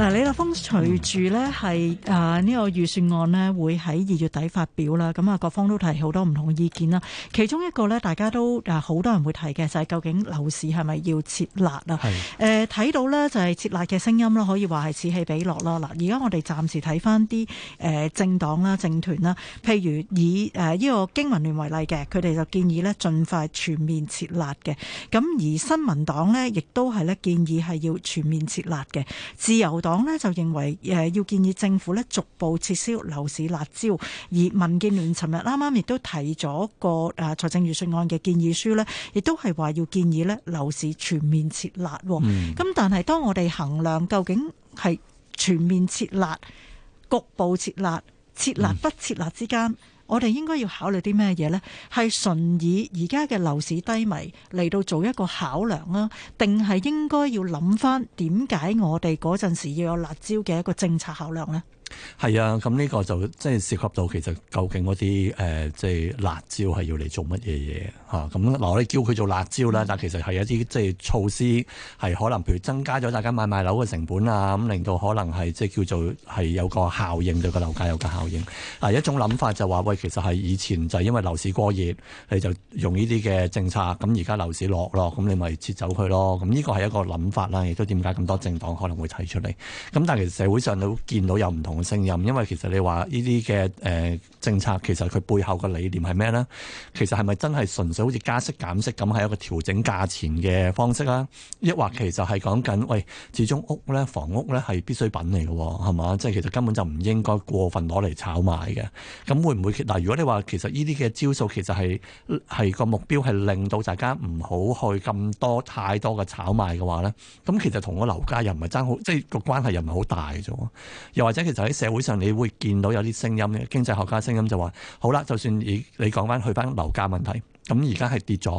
嗱，李立峰隨住呢係誒呢個預算案呢會喺二月底發表啦。咁啊，各方都提好多唔同嘅意見啦。其中一個呢大家都誒好、啊、多人會提嘅，就係、是、究竟樓市係咪要撤辣啊？睇是、呃、到呢就係撤辣嘅聲音啦，可以話係此起彼落啦。嗱，而家我哋暫時睇翻啲誒政黨啦、政團啦，譬如以誒呢、呃這個經民聯為例嘅，佢哋就建議呢盡快全面撤辣嘅。咁而新民黨呢，亦都係呢建議係要全面撤辣嘅。自由黨黨咧，就認為，誒要建議政府咧逐步撤銷樓市辣招，而民建聯尋日啱啱亦都提咗個誒財政預算案嘅建議書咧，亦都係話要建議咧樓市全面撤辣。咁、嗯、但係當我哋衡量究竟係全面撤辣、局部撤辣、撤辣不撤辣之間。我哋應該要考慮啲咩嘢呢？係純以而家嘅樓市低迷嚟到做一個考量啊？定係應該要諗翻點解我哋嗰陣時要有辣招嘅一個政策考量呢？係啊，咁呢個就即係涉及到其實究竟嗰啲誒，即係辣招係要嚟做乜嘢嘢吓？咁、啊、嗱，我哋叫佢做辣招啦，但其實係一啲即係措施，係可能譬如增加咗大家買賣樓嘅成本啊，咁令到可能係即係叫做係有個效應對個樓價有個效應。啊，一種諗法就話喂，其實係以前就因為樓市過熱，你就用呢啲嘅政策，咁而家樓市落咯，咁你咪撤走佢咯。咁呢個係一個諗法啦，亦都點解咁多政黨可能會提出嚟。咁但係其實社會上都見到有唔同。信任，因為其實你話呢啲嘅誒政策，其實佢背後嘅理念係咩咧？其實係咪真係純粹好似加息減息咁，係一個調整價錢嘅方式啦？抑或其實係講緊喂，始終屋咧、房屋咧係必需品嚟嘅，哦，係嘛？即係其實根本就唔應該過分攞嚟炒賣嘅。咁會唔會？嗱，啊，如果你話其實呢啲嘅招數其實係係個目標係令到大家唔好去咁多太多嘅炒賣嘅話咧，咁其實同個樓價又唔係爭好，即係個關係又唔係好大啫。又或者其實。喺社會上，你會見到有啲聲音嘅經濟學家聲音就話：好啦，就算你你講翻去翻樓價問題，咁而家係跌咗。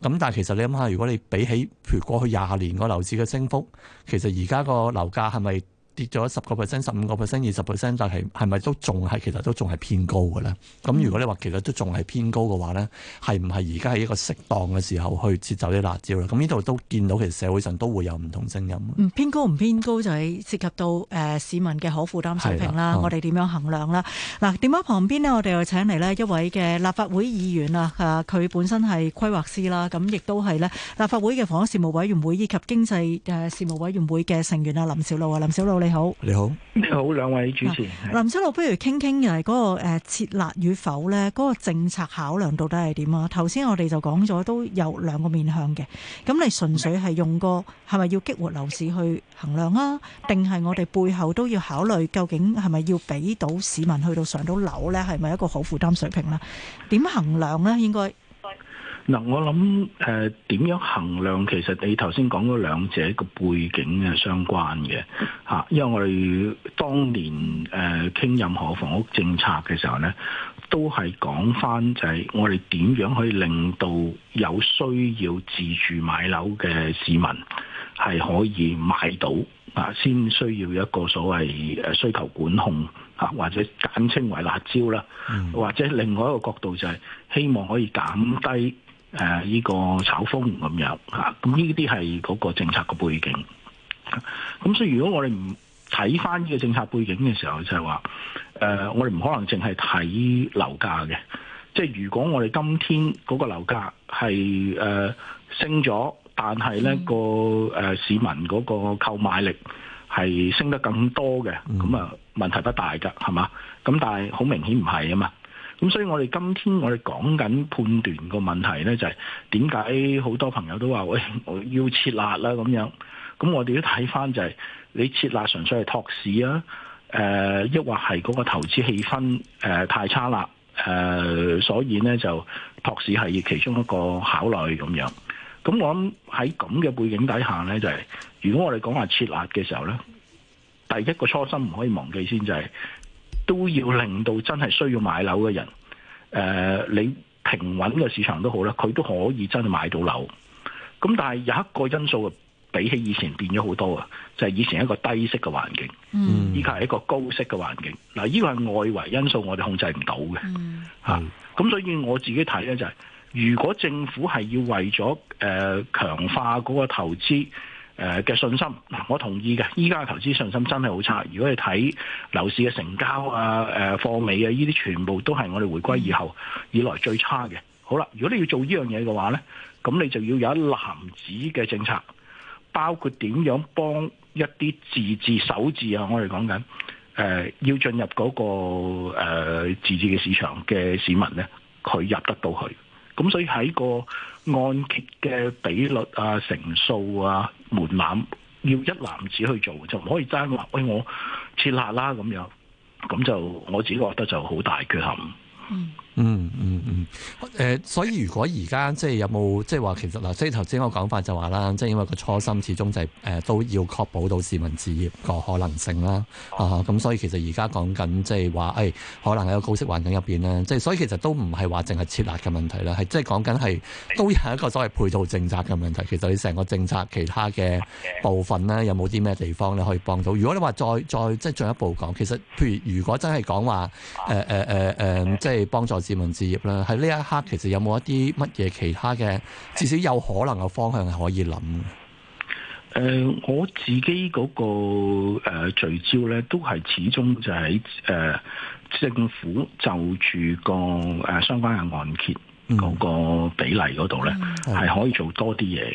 咁但係其實你諗下，如果你比起譬如過去廿年個樓市嘅升幅，其實而家個樓價係咪？跌咗十個 percent、十五個 percent、二十 percent，但係係咪都仲係其實都仲係偏高嘅咧？咁如果你話其實都仲係偏高嘅話咧，係唔係而家係一個適當嘅時候去撤走啲辣椒咧？咁呢度都見到其實社會上都會有唔同聲音。偏高唔偏高就係涉及到誒市民嘅可負擔水平啦，的我哋點樣衡量啦？嗱、啊，點解旁邊呢，我哋又請嚟咧一位嘅立法會議員啊？佢本身係規劃師啦，咁亦都係咧立法會嘅房屋事務委員會以及經濟誒事務委員會嘅成員啊，林筱魯啊，林筱魯。你好，你好，你好，兩位主持人。是是林筱魯，我不如傾傾嘅係嗰個誒、呃、設立與否呢，嗰、那個政策考量到底係點啊？頭先我哋就講咗都有兩個面向嘅，咁你純粹係用個係咪要激活樓市去衡量啊？定係我哋背後都要考慮究竟係咪要俾到市民去到上到樓呢？係咪一個好負擔水平呢、啊？點衡量呢？應該？嗱，我諗誒點樣衡量？其實你頭先講嗰兩者個背景嘅相關嘅吓，因為我哋當年誒傾、呃、任何房屋政策嘅時候咧，都係講翻就係我哋點樣可以令到有需要自住買樓嘅市民係可以買到啊，先需要一個所謂誒需求管控嚇，或者簡稱為辣椒啦，嗯、或者另外一個角度就係希望可以減低。誒依、啊這個炒風咁樣吓，咁呢啲係嗰個政策嘅背景。咁所以如果我哋唔睇翻呢個政策背景嘅時候，就係話誒，我哋唔可能淨係睇樓價嘅。即係如果我哋今天嗰個樓價係升咗，但係咧、嗯、個誒、呃、市民嗰個購買力係升得更多嘅，咁啊問題不大㗎，係嘛？咁但係好明顯唔係啊嘛。咁所以我哋今天我哋講緊判斷個問題咧，就係點解好多朋友都話喂，我要撤辣啦咁樣，咁我哋都睇翻就係、是、你撤辣純粹係托市啊，誒、呃，抑或係嗰個投資氣氛誒、呃、太差啦，誒、呃，所以咧就托市係其中一個考慮，咁樣，咁我諗喺咁嘅背景底下咧，就係、是、如果我哋講話撤辣嘅時候咧，第一個初心唔可以忘記先就係、是。都要令到真係需要買樓嘅人，誒、呃、你平穩嘅市場都好啦，佢都可以真係買到樓。咁但係有一個因素，比起以前變咗好多啊，就係、是、以前一個低息嘅環境，嗯，依家係一個高息嘅環境。嗱，呢個係外圍因素，我哋控制唔到嘅，咁、嗯啊、所以我自己睇呢，就係，如果政府係要為咗誒、呃、強化嗰個投資。誒嘅、呃、信心，嗱，我同意嘅。依家嘅投資信心真係好差。如果你睇樓市嘅成交啊、誒貨尾啊，呢啲全部都係我哋回歸以後以來最差嘅。好啦，如果你要做呢樣嘢嘅話呢，咁你就要有一籃子嘅政策，包括點樣幫一啲自治、首置啊，我哋講緊誒，要進入嗰、那個、呃、自治嘅市場嘅市民呢，佢入得到去。咁所以喺個按揭嘅比率啊、成數啊、門檻要一男子去做，就唔可以爭話喂、哎、我設立啦咁樣，咁就我自己覺得就好大缺陷。嗯嗯嗯誒、呃，所以如果而家即係有冇即係話，其實嗱，即係頭先我講法就話啦，即係因為個初心始終就係誒，都要確保到市民置業個可能性啦，啊，咁所以其實而家講緊即係話，誒、哎，可能喺個高息環境入邊咧，即係所以其實都唔係話淨係設立嘅問題啦，係即係講緊係，都有一個所謂配套政策嘅問題。其實你成個政策其他嘅部分咧，有冇啲咩地方咧可以幫到？如果你話再再即係進一步講，其實譬如如果真係講話，誒誒誒誒，即係。係幫助市民置業啦，喺呢一刻其實有冇一啲乜嘢其他嘅至少有可能嘅方向係可以諗？誒、呃，我自己嗰、那個誒、呃、聚焦咧，都係始終就喺、是、誒、呃、政府就住、那個誒、啊、相關嘅按揭嗰個比例嗰度咧，係、嗯、可以做多啲嘢。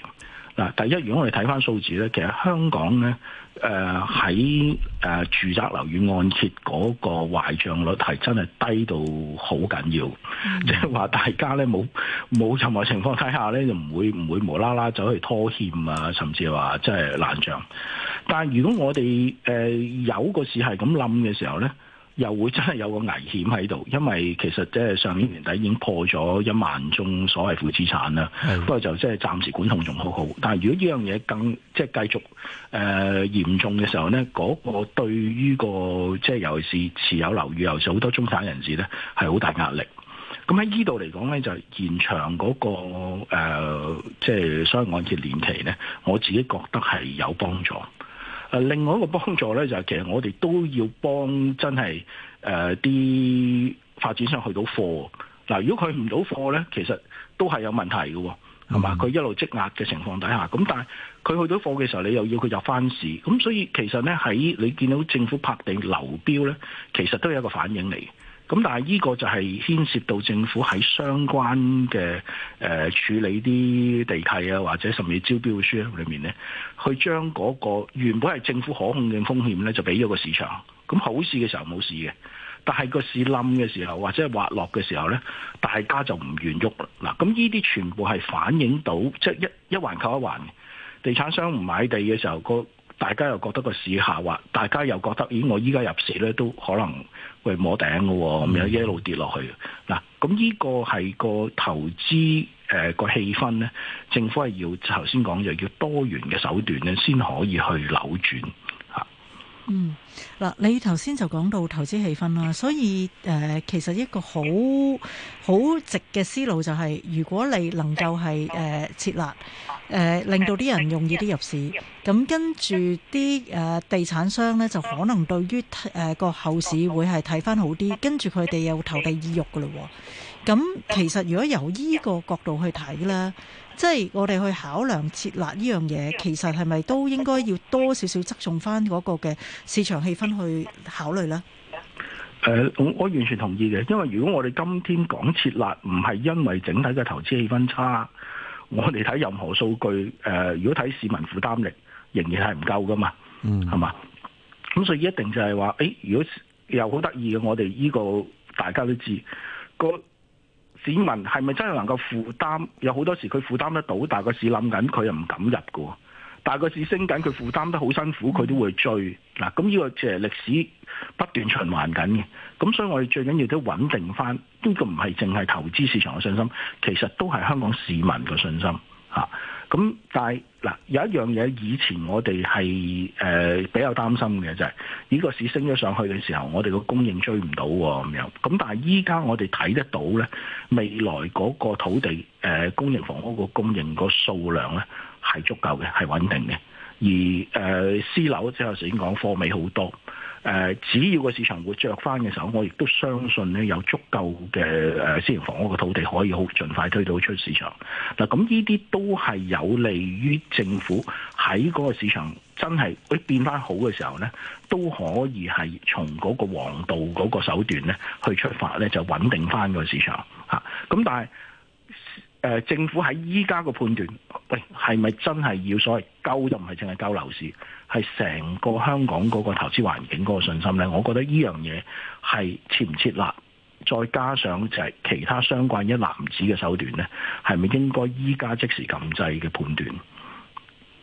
嗱，第一，如果我哋睇翻數字咧，其實香港咧，誒喺誒住宅樓宇按揭嗰個壞帳率係真係低到好緊要，即係話大家咧冇冇任何情況底下咧就唔會唔會無啦啦走去拖欠啊，甚至係話即係爛帳。但係如果我哋誒、呃、有個事係咁冧嘅時候咧。又會真係有個危險喺度，因為其實即係上年年底已經破咗一萬宗所謂負資產啦，的不過就即係暫時管控仲好好。但係如果呢樣嘢更即係繼續誒嚴、呃、重嘅時候呢，嗰、那個對於個即係、就是、尤其是持有樓宇、尤其是好多中產人士呢，係好大壓力。咁喺呢度嚟講呢，就延長嗰個誒即係所謂按揭年期呢，我自己覺得係有幫助。另外一個幫助咧，就係其實我哋都要幫真係誒啲發展商去到貨。嗱，如果佢唔到貨咧，其實都係有問題嘅，係嘛？佢、mm hmm. 一路積壓嘅情況底下，咁但係佢去到貨嘅時候，你又要佢入翻市。咁所以其實咧，喺你見到政府拍地流標咧，其實都有一個反應嚟。咁但係呢個就係牽涉到政府喺相關嘅誒、呃、處理啲地契啊，或者甚至招標書裏面呢，去將嗰、嗰個原本係政府可控嘅風險呢，就俾咗個市場。咁好事嘅時候冇事嘅，但係個市冧嘅時候或者滑落嘅時候呢，大家就唔願喐啦。嗱，咁呢啲全部係反映到即係、就是、一一環扣一環，地產商唔買地嘅時候、嗰個大家又覺得個市下滑，大家又覺得，咦！我依家入市咧都可能會摸頂嘅喎，咁樣一路跌落去。嗱，咁呢個係個投資誒個氣氛咧，政府係要頭先講，又要多元嘅手段咧，先可以去扭轉。嗯，嗱，你頭先就講到投資氣氛啦，所以誒、呃，其實一個好好直嘅思路就係、是，如果你能夠係誒撤辣誒，令到啲人容易啲入市，咁跟住啲誒地產商呢，就可能對於誒個、呃、後市會係睇翻好啲，跟住佢哋又投地意欲噶喎。咁其實如果由呢個角度去睇呢即係我哋去考量設立呢樣嘢，其實係咪都應該要多少少側重翻嗰個嘅市場氣氛去考慮呢？誒、呃，我完全同意嘅。因為如果我哋今天講設立，唔係因為整體嘅投資氣氛差，我哋睇任何數據誒、呃，如果睇市民負擔力，仍然係唔夠噶嘛，係嘛、嗯？咁所以一定就係話，誒、欸，如果又好得意嘅，我哋呢個大家都知個市民係咪真係能夠負擔？有好多時佢負擔得到，但個市冧緊，佢又唔敢入嘅喎。但個市升緊，佢負擔得好辛苦，佢都會追嗱。咁呢個就係歷史不斷循環緊嘅。咁所以我哋最緊要都穩定翻。呢個唔係淨係投資市場嘅信心，其實都係香港市民嘅信心嚇。咁但係嗱，有一樣嘢，以前我哋係誒比較擔心嘅就係、是、呢個市升咗上去嘅時候，我哋個供應追唔到咁樣。咁但係依家我哋睇得到咧，未來嗰個土地誒、呃、供應房屋個供應個數量咧係足夠嘅，係穩定嘅。而誒私、呃、樓之後先講貨尾好多。誒、呃，只要個市場會着翻嘅時候，我亦都相信咧有足夠嘅誒私營房屋嘅土地可以好盡快推到出市場。嗱，咁呢啲都係有利於政府喺嗰個市場真係會變翻好嘅時候咧，都可以係從嗰個王道嗰個手段咧去出發咧，就穩定翻個市場吓咁、啊、但係。呃、政府喺依家個判斷，喂、哎，係咪真係要所謂救就唔係淨係救樓市，係成個香港嗰個投資環境嗰個信心呢，我覺得呢樣嘢係設唔設立，再加上就係其他相關一籃子嘅手段呢，係咪應該依家即時禁制嘅判斷？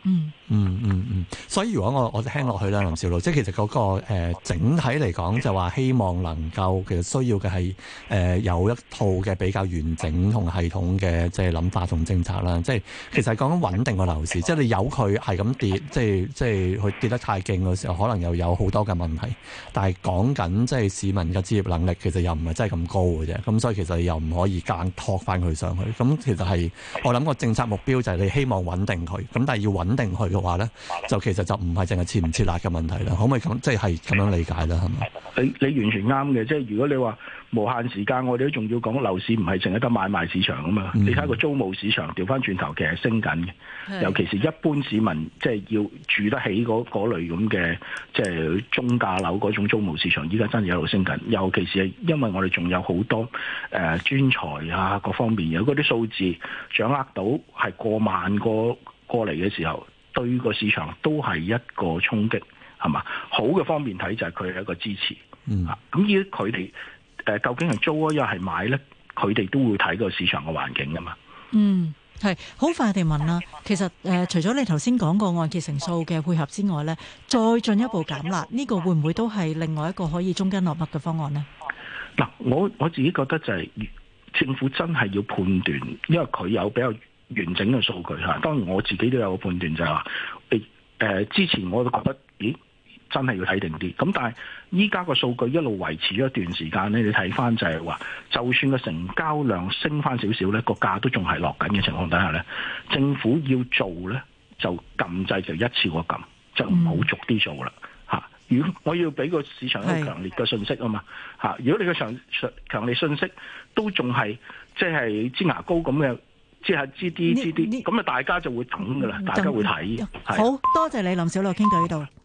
嗯嗯嗯嗯，所以如果我我聽落去啦，林筱魯，即係其實嗰、那個誒、呃、整體嚟講，就話希望能夠其實需要嘅係誒有一套嘅比較完整同系統嘅即係諗法同政策啦。即係其實講緊穩定個樓市，即係你有佢係咁跌，即係即係佢跌得太勁嘅時候，可能又有好多嘅問題。但係講緊即係市民嘅置業能力，其實又唔係真係咁高嘅啫。咁所以其實又唔可以硬托翻佢上去。咁其實係我諗個政策目標就係你希望穩定佢，咁但係要穩。肯定去嘅話咧，就其實就唔係淨係撤唔撤辣嘅問題啦。可唔可以咁即係咁樣理解咧？係嘛？你你完全啱嘅，即係如果你話無限時間，我哋都仲要講樓市唔係淨係得買賣市場啊嘛。嗯、你睇個租務市場調返轉頭，其實升緊嘅，的尤其是一般市民即係要住得起嗰嗰類咁嘅即係中價樓嗰種租務市場，依家真係一路升緊。尤其是因為我哋仲有好多誒專才啊，各方面有嗰啲數字掌握到係過萬個。過嚟嘅時候，對個市場都係一個衝擊，係嘛？好嘅方面睇就係佢係一個支持，嗯，咁依啲佢哋誒究竟係租啊，又係買呢，佢哋都會睇個市場嘅環境噶嘛。嗯，係好快地問啦。其實誒、呃，除咗你頭先講過按揭成數嘅配合之外呢，再進一步減辣，呢、這個會唔會都係另外一個可以中間落墨嘅方案呢？嗱、啊，我我自己覺得就係、是、政府真係要判斷，因為佢有比較。完整嘅數據嚇，當然我自己都有個判斷就係話、欸呃，之前我都覺得，咦真係要睇定啲。咁但係依家個數據一路維持咗一段時間咧，你睇翻就係話，就算個成交量升翻少少咧，個價都仲係落緊嘅情況底下咧，政府要做咧就撳掣，就一次過撳，就唔好逐啲做啦、嗯、如果我要俾個市場一個強烈嘅信息啊嘛的如果你嘅強強烈信息都仲係即係支牙膏咁嘅，即係知啲知啲，咁啊大家就會懂噶啦，就大家會睇。好多謝你，林筱魯傾到呢度。